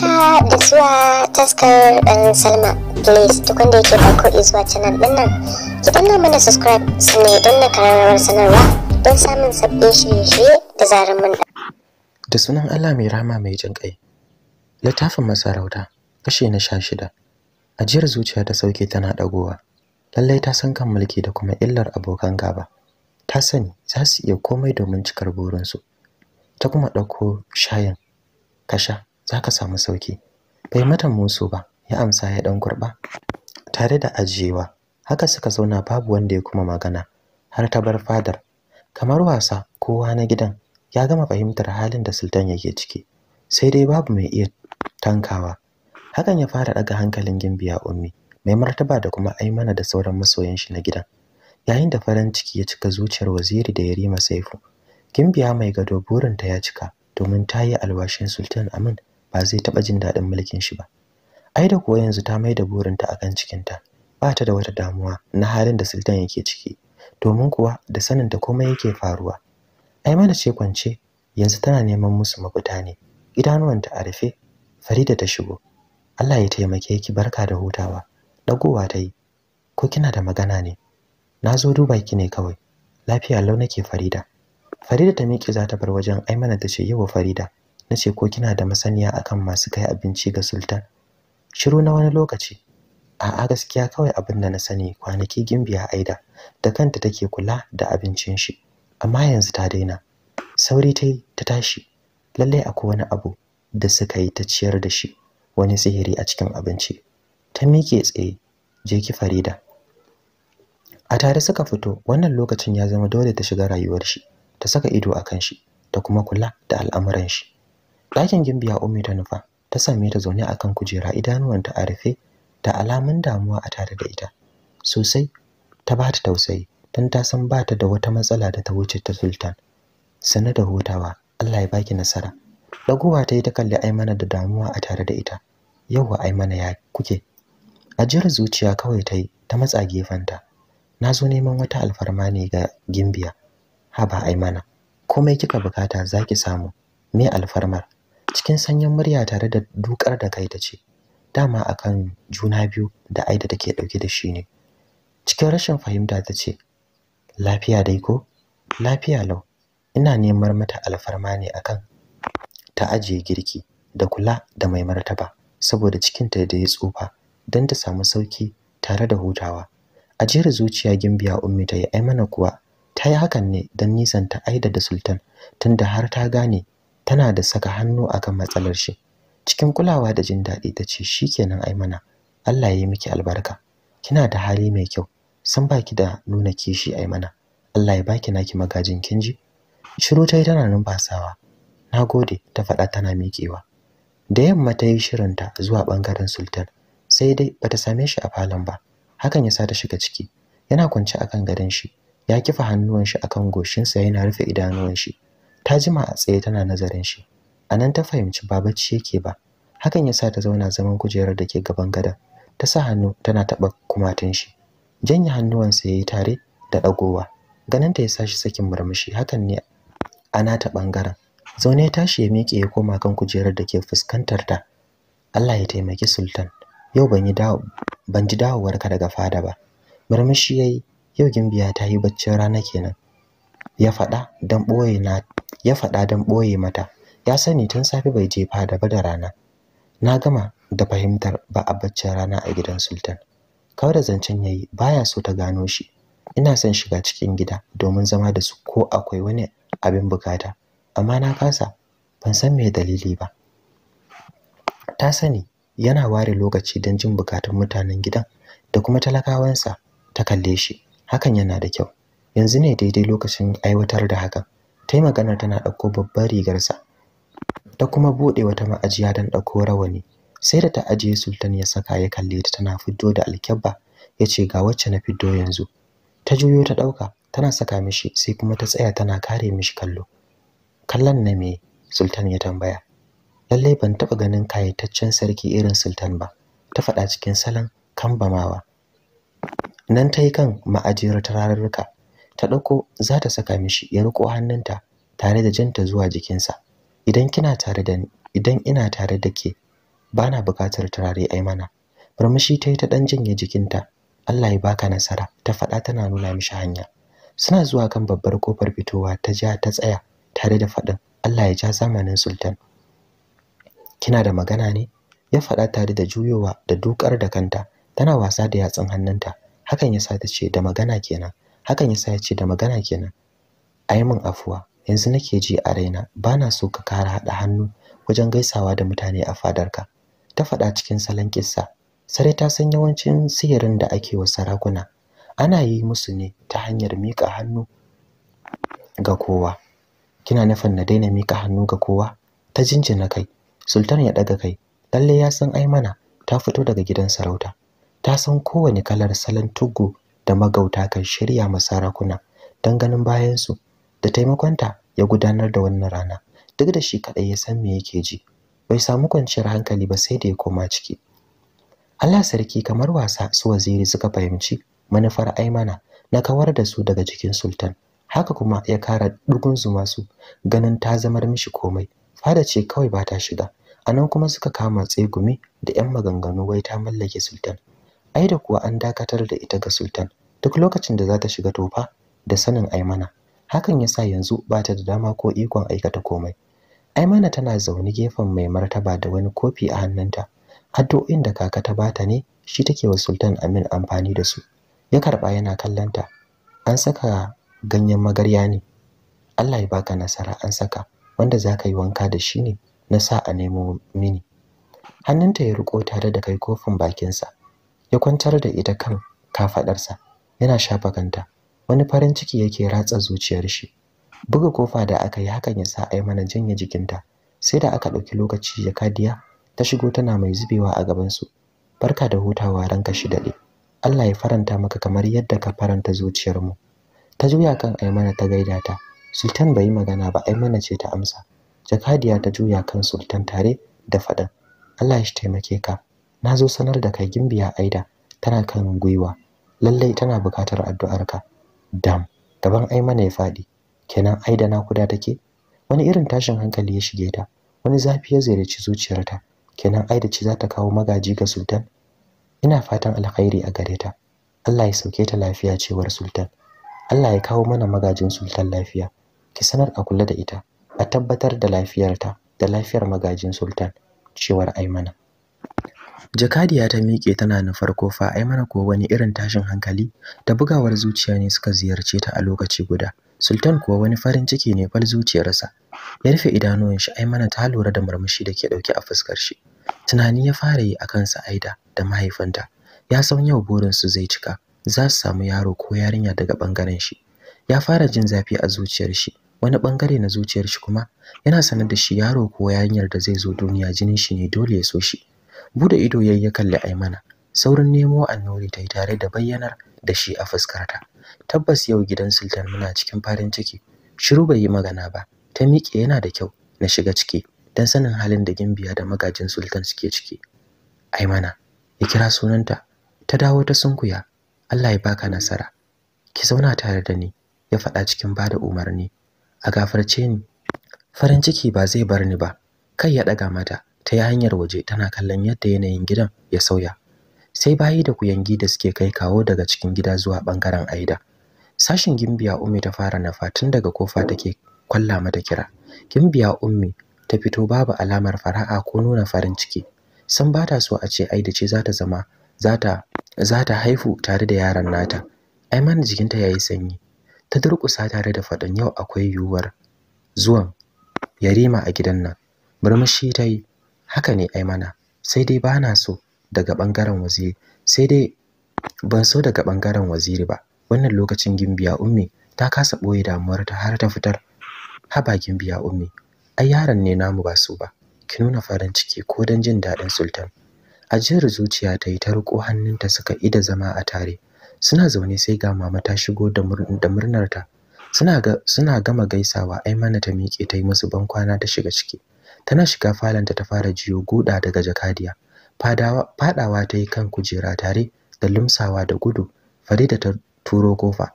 haka ah, da zuwa taskar ɗan um, salma please duk wanda yake farko izuwa canal ɗin nan ki danna mana subscribe sannan don na kararrawar sanarwa don samun sabbin shirye-shirye da zarar mun da sunan allah mai rama mai jin ƙai littafin masarauta kashe na sha shida ajiyar zuciya ta sauke tana ɗagowa lallai ta san kan mulki da kuma illar abokan gaba ta sani za su iya komai domin cikar burinsu ta kuma ɗauko shayin kasha za ka samu sauki bai mata musu ba ya amsa ya dan kurba tare da ajiyewa haka suka zauna babu wanda ya kuma magana har ta bar fadar kamar wasa kowa na gidan ya gama fahimtar halin da sultan yake ciki sai dai babu mai iya tankawa hakan ya fara daga hankalin gimbiya ummi mai martaba da kuma aimana da sauran masoyan shi na gidan yayin da farin ciki ya cika zuciyar waziri da yarima saifu gimbiya mai gado burinta ya cika domin ta yi alwashin sultan amin ba zai taɓa jin daɗin mulkin shi ba ai da kuwa yanzu ta mai da burinta akan cikinta ba ta da wata damuwa na halin da sultan yake ciki domin kuwa da sanin saninta komai yake faruwa ai mana ce kwance yanzu tana neman musu mafita ne idanuwanta a rufe farida ta shigo Allah ya taimake ki barka da hutawa dagowa ta yi ko kina da magana ne na zo duba ki ne kawai lafiya lau nake farida farida ta miƙe za ta bar wajen ai mana ta ce yawa farida na ce ko kina da masaniya akan masu kai abinci ga sultan shiru na wani lokaci a'a gaskiya kawai abin da na sani kwanaki gimbiya aida da kanta take kula da abincin shi amma yanzu ta daina sauri ta ta tashi lallai akwai wani abu da suka yi ta ciyar da shi wani sihiri a cikin abinci ta miƙe tsaye je ki farida a tare suka fito wannan lokacin ya zama dole ta shiga rayuwar shi ta saka ido akan shi ta kuma kula da al'amuran shi ɗakin gimbiya ummi ta nufa ta same ta zaune a kan kujera idanuwanta a rufe da alamun damuwa a tare da ita sosai ta ba ta tausayi don ta san ba ta da wata matsala da ta wuce ta sultan Sana da hutawa Allah ya baki nasara Daguwa ta yi ta kalli aimana da damuwa a tare da ita yauwa aimana ya kuke ajiyar zuciya kawai ta yi ta matsa gefenta na zo neman wata alfarma ne ga gimbiya haba aimana komai kika bukata zaki samu me alfarmar cikin sanyin murya tare da dukar da kai ta ce dama akan juna biyu da aida take dauke da shi ne cikin rashin fahimta ta ce lafiya dai ko lafiya lau ina neman mata alfarma ne akan ta ajiye girki da kula da mai martaba saboda cikinta da ya tsufa don ta samu sauki tare da hutawa A ajiyar zuciya gimbiya ummi ta yi aimana kuwa ta yi hakan ne don nisanta aida da sultan tunda har ta gane tana da saka hannu akan matsalar shi cikin kulawa da jin daɗi ta ce shikenan mana Allah ya yi miki albarka kina da hali mai kyau san baki da nuna kishi ai mana Allah ya baki naki magajin kinji shiru ta yi tana numfasawa gode ta faɗa tana miƙewa da yamma ta yi shirinta zuwa ɓangaren sultan sai dai bata same shi a falon ba hakan ya sa ta shiga ciki yana kwance akan gadon shi ya kifa hannuwan shi akan goshinsa yana rufe idanuwan shi ta jima a tsaye tana nazarin shi a nan ta fahimci ba bacci yake ba hakan ya sa ta zauna zaman kujerar da ke gaban gadon ta sa hannu tana taɓa kumatun shi janye hannuwansa ya yi tare da ɗagowa ta ya sa shi sakin murmushi hakan ne a nata ɓangaren zaune ya tashi ya miƙe ya koma kan kujerar da ke fuskantar ta Allah ya taimaki sultan yau ban yi dawo ban ji dawowarka daga fada ba murmushi ya yi yau gimbiya ta yi baccin rana kenan ya faɗa don ɓoye na ya faɗa don ɓoye mata ya sani tun safe bai je fada ba da rana na gama da fahimtar ba a baccin rana a gidan sultan kawai da zancen ya yayi baya so ta gano shi ina son shiga cikin gida domin zama da su ko akwai wani abin bukata amma na kasa ban san me dalili ba ta sani yana ware lokaci don jin bukatun mutanen gidan da kuma talakawansa ta kalle shi hakan yana da kyau yanzu ne daidai lokacin aiwatar da hakan ta yi maganar tana ɗauko babbar rigarsa ta kuma buɗe wata ma'ajiya don ɗauko rawani sai da ta ajiye sultan ya saka ya kalle ta tana fiddo da alkyabba ya ce ga wacce na fiddo yanzu ta juyo ta ɗauka tana saka mishi sai kuma ta tsaya tana kare mishi kallo kallon na me sultan ya tambaya lallai ban taɓa ganin kayataccen sarki irin sultan ba ta faɗa cikin salon kambamawa nan ta yi kan ma'ajiyar tararruka ta ɗauko za ta saka mishi ya riko hannunta tare da janta zuwa jikinsa idan kina tare da ni, idan ina tare da ke bana buƙatar turare ai mana farmishi ta yi ta ɗan jinya jikinta Allah ya baka nasara ta faɗa tana nuna mishi hanya suna zuwa kan babbar kofar fitowa ta ja ta tsaya tare da faɗin Allah ya ja zamanin sultan kina da magana ne ya faɗa tare da juyowa da dukar da kanta tana wasa da yatsun hannunta hakan ya sa ta ce da magana kenan hakan yasa ya ce da magana kenan ai min afuwa yanzu nake ji a raina bana so ka kara haɗa hannu wajen gaisawa da mutane a fadarka ta faɗa cikin salon kissa sarai ta san yawancin sihirin da ake wa sarakuna ana yi musu ne ta hanyar miƙa hannu ga kowa kina nufin na daina mika hannu ga kowa ta jinjina kai sultan ya ɗaga kai lalle ya san ai mana ta fito daga gidan sarauta ta san kowane kalar salon tugu da magauta kan shirya ma sarakuna don ganin bayansu da taimakonta ya gudanar da wannan rana duk da shi kaɗai ya san me yake ji bai samu kwanciyar hankali ba sai da ya koma ciki Allah sarki kamar wasa su waziri suka fahimci manufar aimana na kawar da su daga cikin sultan haka kuma ya kara dugun zuma su ganin ta zamar mishi komai fada ce kawai ba ta shiga anan kuma suka kama tsegumi da 'yan maganganu wai ta mallake sultan ai da kuwa an dakatar da ita ga sultan duk lokacin da za ta shiga tofa da sanin aimana hakan ya sa yanzu ba ta da dama ko ikon aikata komai aimana tana zaune gefen mai martaba da wani kofi a hannunta addu'o'in da kaka ta bata ne shi take wa sultan amin amfani da su ya karba yana kallanta an saka ganyen magarya ne allah ya baka nasara an saka wanda za ka yi wanka da shi ne na sa a nemo mini hannunta ya riko tare da kai kofin bakinsa ya kwantar da ita kan kafadarsa yana shafa kanta wani farin ciki yake ratsa zuciyar shi buga kofa da aka yi hakan ya sa Aimana janye jikinta sai da aka ɗauki lokaci jakadiya ta shigo tana mai zubewa a gaban su barka da hutawa ranka shi daɗe Allah ya faranta maka kamar yadda ka faranta zuciyar mu ta juya kan Aimana ta gaida ta Sultan bai yi magana ba Aimana ce ta amsa jakadiya ta juya kan Sultan tare da faɗan Allah ya taimake ka na zo sanar da kai gimbiya Aida tana kan gwiwa lallai tana buƙatar addu'arka dam gaban mana ya faɗi kenan ai da nakuda take wani irin tashin hankali ya shige ta wani zafi ya ziyarci zuciyarta kenan ai da ci za ta kawo magaji ga sultan ina fatan alkhairi a gare ta Allah ya sauke ta lafiya cewar sultan Allah ya kawo mana magajin sultan lafiya ki sanar a kula da ita a tabbatar da lafiyarta da lafiyar magajin sultan cewar aimana jakadiya ta miƙe tana nufar fa ai mana ko wani irin tashin hankali da bugawar zuciya ne suka ziyarce ta a lokaci guda sultan kuwa wani farin ciki ne fal zuciyarsa ya rufe idanuwan shi ai mana ta lura da murmushi da ke ɗauke a fuskar shi tunani ya fara yi a akan aida da mahaifinta ya san yau su zai cika za su samu yaro ko yarinya daga bangaren shi ya fara jin zafi a zuciyar shi wani bangare na zuciyar shi kuma yana sanar da shi yaro ko yarinyar da zai zo duniya jinin shi ne dole ya so shi bude ido yayi ya kalli Aimana saurin nemo annuri yi tare da bayyanar da shi a fuskarta tabbas yau gidan sultan muna cikin farin ciki shiru bai yi magana ba ta miƙe yana da kyau na shiga ciki dan sanin halin da gimbiya da magajin sultan suke ciki Aimana ya kira sunanta ta dawo ta sunkuya Allah ya baka nasara ki zauna tare da ni ya faɗa cikin bada umarni a gafarce ni farin ciki ba zai bar ni ba kai ya ɗaga mata ta yi hanyar waje tana kallon yadda yanayin gidan ya sauya sai bayi da kuyangi da suke kai kawo daga cikin gida zuwa bangaren aida sashin gimbiya ummi ta fara nafa tun daga kofa take kwalla mata kira gimbiya ummi ta fito babu alamar fara'a ko nuna farin ciki san ba ta so a ce aida ce za ta zama za ta haifu tare da yaran nata ai mana jikinta yayi sanyi ta durƙusa tare da faɗin yau akwai yiwuwar zuwan yarima a gidan nan murmushi ta yi haka ne ai mana sai dai ba na so daga bangaren waziri sai dai ban so daga bangaren waziri ba wannan lokacin gimbiya ummi ta kasa boye damuwar ta har ta fitar haba gimbiya ummi ai yaran ne namu ba su ba ki nuna farin ciki ko dan jin daɗin sultan ajiyar zuciya ta yi ta riko hannunta suka ida zama a tare suna zaune sai ga mama ta shigo da murnarta suna gama gaisawa ai mana ta miƙe ta yi musu bankwana ta shiga ciki tana shiga falonta ta fara jiyo goda daga jakadiya fadawa ta yi kan kujera tare da lumsawa da gudu farida ta turo kofa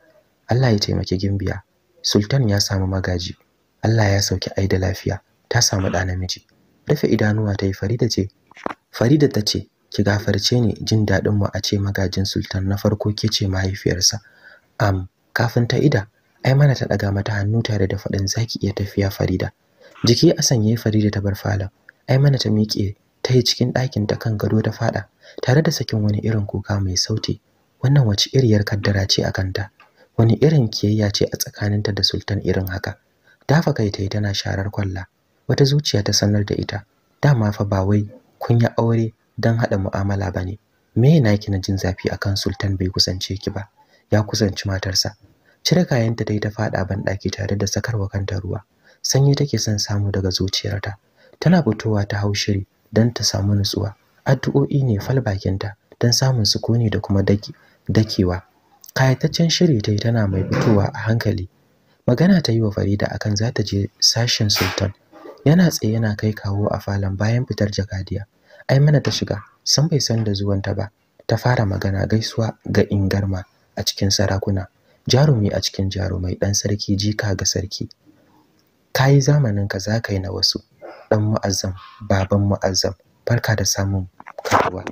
Allah ya taimaki gimbiya sultan ya samu magaji Allah ya sauki ai da lafiya ta samu ɗa namiji rufe idanuwa ta yi farida ce farida ta ce ki gafarce ni jin daɗin mu a ce magajin sultan na farko ke ce mahaifiyarsa am kafin ta ida ai mana ta ɗaga mata hannu tare da faɗin zaki iya tafiya farida jiki a sanye Farida ta bar falon ai mana ta miƙe ta yi cikin ɗakin ta kan gado ta faɗa. tare da sakin wani irin kuka mai sauti wannan wace iriyar kaddara ce a kanta wani irin kiyayya ce a tsakaninta da sultan irin haka dafa kai ta yi tana sharar kwalla wata zuciya ta sanar da ita dama fa ba wai kun yi aure don haɗa mu'amala ba ne me yana ki na jin zafi akan sultan bai kusance ki ba ya kusanci matarsa cire kayanta ta yi ta faɗa ban ɗaki tare da sakarwa kanta ruwa sanyi take son samu daga zuciyarta tana fitowa ta haushiri shiri don ta samu nutsuwa addu'o'i ne falbakinta don samun sukuni da kuma dakewa kayataccen shiri ta yi tana mai fitowa a hankali magana ta yi wa farida akan za ta je sashen sultan yana tsaye yana kai kawo a falon bayan fitar jakadiya ai mana ta shiga san bai san da zuwanta ba ta fara magana gaisuwa ga ingarma a cikin sarakuna jarumi a cikin jarumai dan sarki jika ga sarki ka yi zamaninka za ka yi na wasu ɗan mu'azzam baban mu'azzam barka da samun karuwa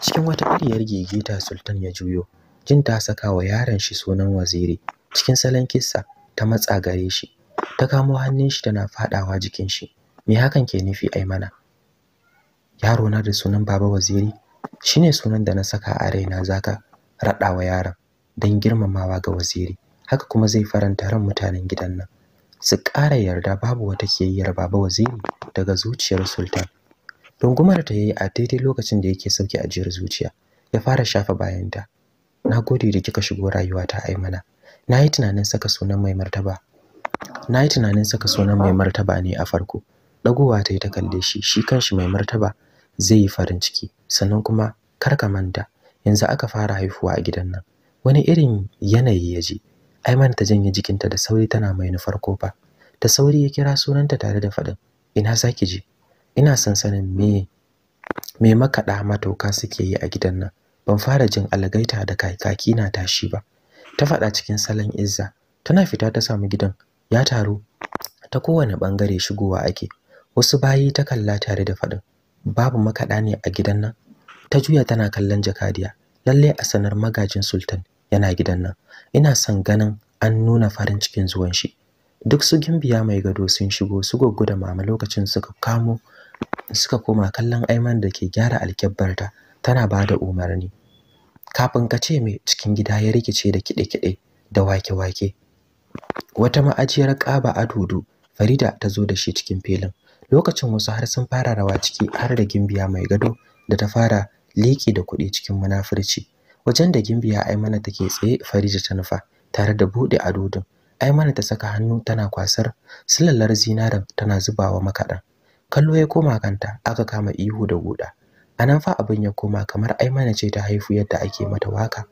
cikin wata iriyar gigita sultan ya juyo jin ta saka wa yaron shi sunan waziri cikin salon kissa ta matsa gare shi ta kamo hannun shi tana faɗawa jikin shi me hakan ke nufi ai mana yaro na da sunan baba waziri shine sunan da na saka a raina zaka wa yaron don girmamawa ga waziri haka kuma zai faranta ran mutanen gidan nan su ƙara yarda babu wata kiyayyar baba waziri daga zuciyar sultan rungumar ta yi a daidai lokacin da yake sauki ajiyar zuciya ya fara shafa bayanta na gode da kika shigo rayuwa rayuwata aimana na yi tunanin saka sunan mai martaba na yi tunanin saka sunan mai martaba ne a farko ɗagowa ta yi ta kalle shi shi kanshi mai martaba zai yi farin ciki sannan kuma kar ka manta yanzu aka fara haifuwa a gidan nan wani irin yanayi ya je Ai manta janye jikinta da sauri tana mai nufar kofa. Da sauri ya kira sunanta tare da faɗin, "Ina saki je?" Ina sansanin me me makaɗa matoka suke yi a gidan nan. Ban fara jin algaita da kakaki na tashi ba. Ta faɗa cikin salon izza. Tana fita ta samu gidan ya taru ta kowane bangare shigowa ake. Wasu bayi ta kalla tare da faɗin, "Babu makaɗa ne a gidan nan?" Ta juya tana kallon Jakadiya. Lalle a sanar magajin Sultan yana gidan nan. ina son ganin an nuna farin cikin zuwan shi duk su gimbiya mai gado sun shigo su goggo mama lokacin suka kamo suka koma kallon Aiman da ke gyara ta tana ba da umarni kafin ka ce mai cikin gida ya rikice da kiɗe-kiɗe da wake-wake wata ma'ajiyar ƙaba adudu Farida ta zo da shi cikin filin lokacin wasu har sun fara rawa ciki har da gimbiya mai gado da ta fara liƙi da kuɗi cikin munafurci wajen da gimbiya aimana take tsaye farija ta nufa tare da buɗe adudun, aimana ta saka hannu tana kwasar silalar zinaran tana zubawa makaɗan kallo ya koma kanta aka kama ihu da guda anan fa abin ya koma kamar aimana ce ta haifu yadda ake mata waka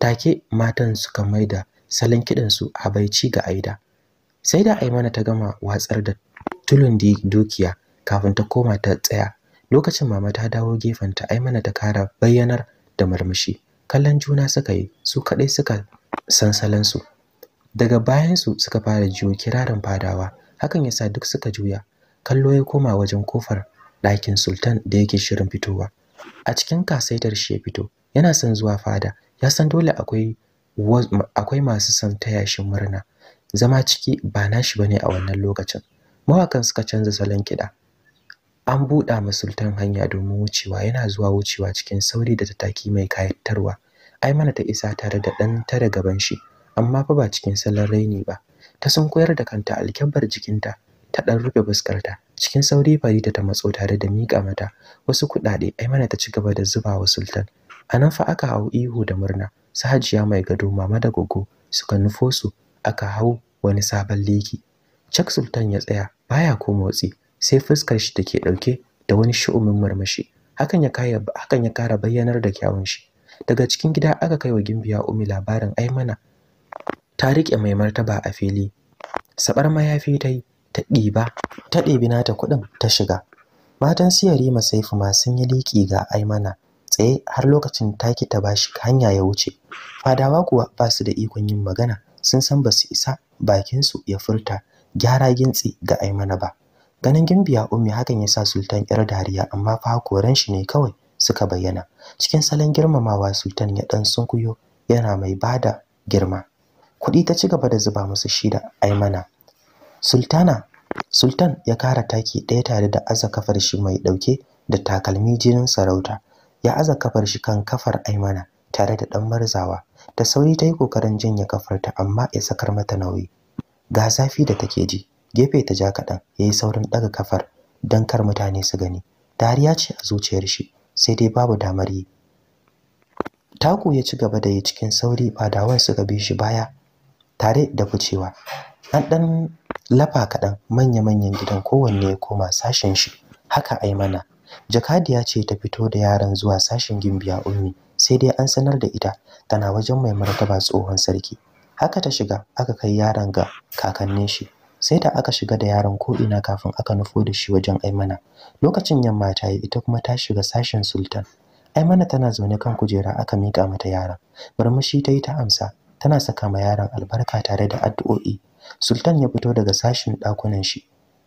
take matan suka maida salon kiɗan su habaici ga aida sai da aimana ta gama watsar da tulun dukiya kafin ta koma ta tsaya lokacin mama ta dawo gefen ta aimana ta kara bayyanar da murmushi kallon juna suka yi su kaɗai suka san salansu daga bayansu suka fara jiyo kirarin fadawa hakan ya sa duk suka juya kallo ya koma wajen kofar ɗakin sultan da yake shirin fitowa a cikin kasaitar shi ya fito yana son zuwa fada ya san dole akwai masu son ta shi murna zama ciki ba nashi ba ne a wannan lokacin mawakan suka canza salon kiɗa an buɗa masultan hanya domin wucewa yana zuwa wucewa cikin sauri da tattaki mai kayatarwa mana ta isa tare da ɗan da gaban shi amma fa ba cikin salon raini ba ta sun koyar da kanta alkyabbar jikinta ta ɗan rufe fuskarta cikin sauri farida ta matso tare da miƙa mata wasu kuɗaɗe mana ta ci gaba da zuba wa sultan a nan fa aka hau ihu da murna su hajiya mai gado mama da gogo suka nufo su aka hau wani sabon leki cak sultan ya tsaya baya ko motsi sai fuskar shi take dauke da wani shu'umin murmushi hakan ya kaya hakan ya kara bayyanar da kyawun shi daga cikin gida aka kai wa gimbiya umi labarin aimana ta rike mai martaba a fili sabar mayafi ta ta ɗiba ta ɗebi nata kuɗin ta shiga matan siyari masaifu ma sun yi liki ga aimana tsaye har lokacin taki ta bashi hanya ya wuce fadawa kuwa ba su da ikon yin magana sun san ba su isa su ya furta gyara gintsi ga aimana ba ganin gimbiya ummi hakan ya sa sultan yar dariya amma fa koran shi ne kawai suka bayyana cikin salon girmamawa sultan ya dan sunkuyo yana mai bada girma kuɗi ta ci gaba da zuba musu shida aimana sultana sultan ya kara taki ɗaya tare da aza kafar shi mai ɗauke da takalmi jinin sarauta ya aza kafar shi kan kafar aimana tare da ɗan marzawa ta sauri ta yi ƙoƙarin jinya kafarta amma ya sakar mata nauyi ga zafi da take ji gefe ta ja kaɗan ya yi saurin ɗaga kafar dan kar mutane su gani dariya ce a zuciyar shi sai dai babu damar yi taku ya ci gaba da yi cikin sauri ba fadawan suka bi shi baya tare da ficewa an ɗan lafa kaɗan manya-manyan gidan kowanne ya koma sashen shi haka ai mana jakadiya ce ta fito da yaran zuwa sashen gimbiya ummi sai dai an sanar da ita tana wajen mai martaba tsohon sarki haka ta shiga aka kai yaran ga kakannin shi sai da aka shiga da yaron ko'ina kafin aka nufo da shi wajen aimana lokacin yamma ta yi ita kuma ta shiga sashen sultan aimana tana zaune kan kujera aka miƙa mata yaron murmushi ta yi ta amsa tana saka ma yaron albarka tare da addu'o'i sultan ya fito daga sashen ɗakunan shi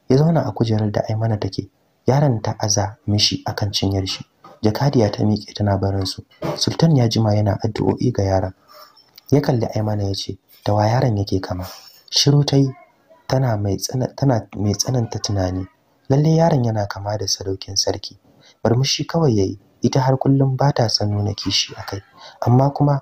ya zauna a kujerar da aimana take yaron ta aza mishi akan cinyar shi jakadiya ta miƙe tana barin su sultan ya jima yana addu'o'i ga yaran. ya kalli aimana ya ce da wa yaron yake kama shiru ta yi tana mai tsananta tunani lalle yaron yana kama da sadaukin sarki murmushi kawai yayi ita har kullum ba ta son nuna kishi a kai amma kuma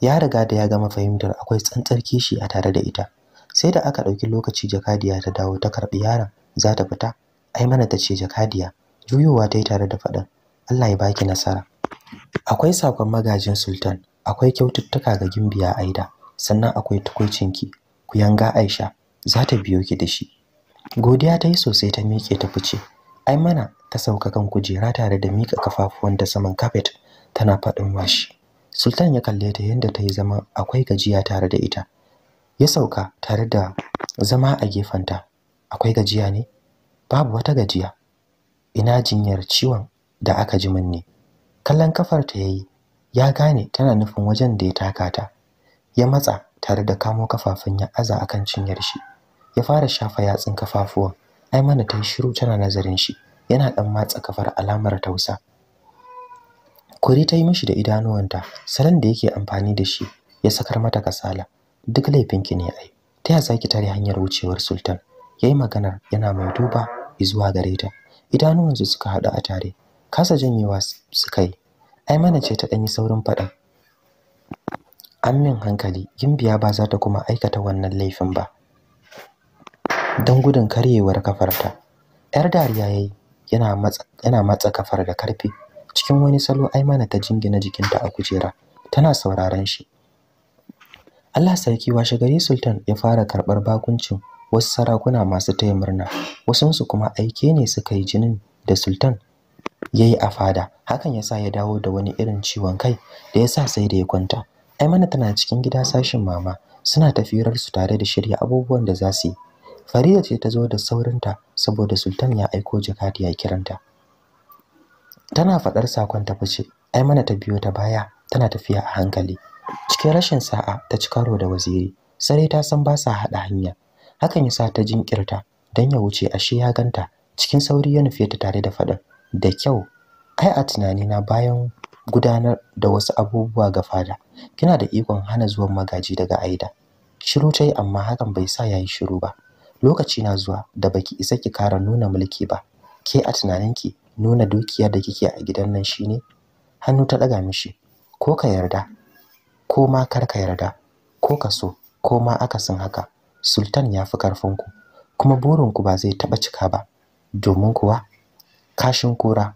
ya riga da ya gama fahimtar akwai tsantsar kishi a tare da ita sai da aka ɗauki lokaci jakadiya ta dawo ta karɓi yaron za ta fita ai mana ta ce jakadiya juyowa ta yi tare da faɗin allah ya baki nasara akwai sakon magajin sultan akwai kyaututtuka ga gimbiya aida sannan akwai tukuicinki ku yanga aisha za ta biyo ki da shi godiya ta yi sosai ta miƙe ta fice ai mana ta sauka kan kujera tare da miƙa da saman kafet tana faɗin washi sultan ya kalle ta yadda ta yi zama akwai gajiya tare da ita ya sauka tare da zama a gefen ta. akwai gajiya ne babu wata gajiya ina jinyar ciwon da aka ji min ne kallon kafar ta yayi ya gane tana nufin wajen da ya taka ta ya matsa tare da kamo kafafun ya aza akan cinyar shi ya fara shafa yatsun kafafuwan Aimana ta yi shiru tana nazarin shi yana dan matsa kafar alamar tausa kuri ta yi mishi da idanuwanta salon da yake amfani da shi ya sakar mata kasala duk laifinki ne ai ta ya zaki tare hanyar wucewar sultan yayi maganar yana mai duba zuwa gare ta idanuwansu suka haɗu a tare kasa janyewa suka yi mana ce ta danyi saurin faɗan. An min hankali, Gimbiya ba za ta kuma aikata wannan laifin ba. don gudun karyewar kafarta yar dariya ya yana matsa yana matsa kafar da karfi cikin wani salo aimana ta jingina jikinta a kujera tana sauraron shi Allah sarki washe gari sultan ya fara karɓar bakuncin wasu sarakuna masu taya murna wasansu kuma aike ne suka yi jinin da sultan ya yi a fada hakan ya sa ya dawo da wani irin ciwon kai da ya sa sai da ya kwanta aimana tana cikin gida sashin mama suna su tare da shirya abubuwan da za su yi Farida ce ta zo da saurinta saboda Sultan ya aiko jakati ya kiranta. Tana faɗar sakon ta fice, ai mana ta biyo ta baya tana tafiya a hankali. Cikin rashin sa'a ta ci karo da waziri, sarai ta san ba sa haɗa hanya. Hakan ya sa ta jinkirta don ya wuce ashe ya ganta cikin sauri ya nufe ta tare da faɗin. Da kyau, ai a tunanina bayan gudanar da wasu abubuwa ga fada, kina da ikon hana zuwan magaji daga Aida. Shiru ta yi amma hakan bai sa ya yi shiru ba. lokaci na zuwa da baki isa ki kara nuna mulki ba ke a tunaninki nuna dukiyar da kike a gidan nan shine hannu ta daga mishi ko ka yarda ko ma kar ka yarda ko ka so ko ma akasin haka sultan ya fi karfinku kuma burinku ba zai taba cika ba domin kuwa kashin kura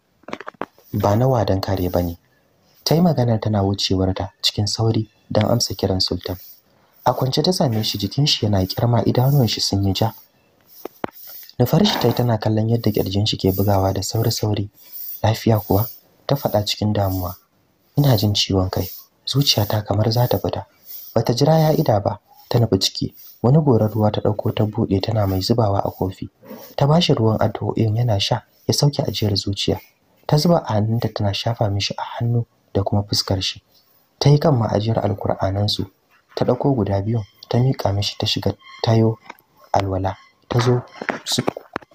ba na wadan kare bane ta yi maganar tana ta cikin sauri don amsa kiran sultan a kwance ta same shi jikin shi yana kirma idanuwan shi sun yi ja Da ta tai tana kallon yadda kirjin shi ke bugawa da sauri sauri lafiya kuwa ta faɗa cikin damuwa ina jin ciwon kai zuciyata kamar za ta fita bata jira ya ida ba ta nufi ciki wani gorar ruwa ta ɗauko ta buɗe tana mai zubawa a kofi ta bashi ruwan addu'o'in yana sha ya sauke ajiyar zuciya ta zuba a hannunta tana shafa mishi a hannu da kuma fuskar shi ta yi kan ma'ajiyar alkur'anansu ta ɗauko guda biyu ta miƙa mishi ta shiga tayo alwala ta zo su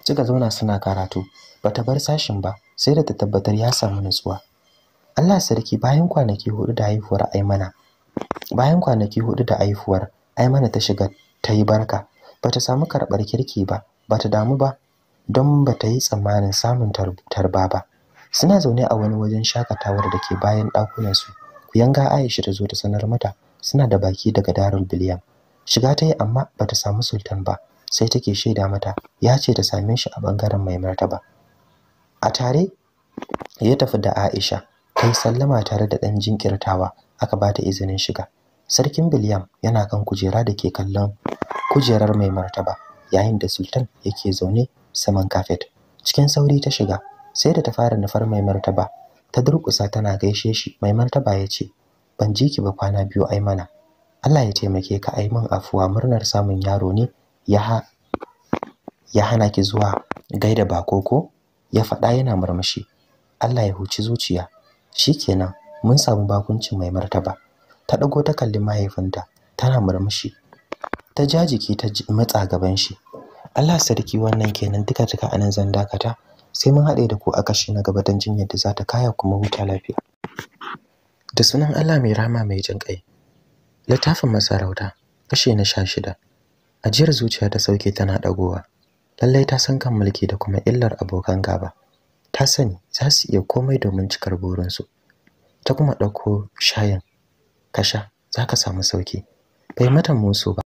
suka zauna suna karatu Ba ta bar sashin ba sai da ta tabbatar ya samu nutsuwa Allah sarki bayan kwanaki hudu da haifuwar Aimana bayan kwanaki hudu da haifuwar Aimana ta shiga ta yi barka Ba ta samu karɓar kirki ba ba ta damu ba don ba ta yi tsammanin samun tarba ba suna zaune a wani wajen shakatawar da ke bayan ɗakunansu yanga Aisha ta zo ta sanar mata suna da baki daga darin biliyan shiga ta yi amma bata samu sultan ba sai take shaida mata ya ce ta same shi a bangaren mai martaba a tare ya tafi da Aisha kai sallama tare da dan jinkirtawa aka bata izinin shiga sarkin Biliyam yana kan kujera da ke kallon kujerar mai martaba yayin da sultan yake zaune saman kafet cikin sauri ta shiga sai da ta fara nufar mai martaba ta durƙusa tana gaishe shi mai martaba ya ce ban je ki ba kwana biyu ai mana Allah ya taimake ka ai min afuwa murnar samun yaro ne ya ya hana ki zuwa gaida ba ko ya faɗa yana murmushi Allah ya huci zuciya shikenan mun samu bakunci mai martaba ta dago ta kalli mahaifinta tana murmushi ta ja jiki ta matsa gaban shi Allah sarki wannan kenan duka duka anan zan dakata sai mun haɗe da ku a kashi na gaba don jinyar da za ta kaya kuma huta lafiya da sunan Allah mai rama mai jin ƙai littafin masarauta kashe na sha shida ajiyar zuciya ta sauke tana ɗagowa lallai ta san kan mulki da kuma illar abokan gaba ta sani za su iya komai domin cikar burinsu ta kuma dauko shayin kasha zaka samu sauki bai mata musu ba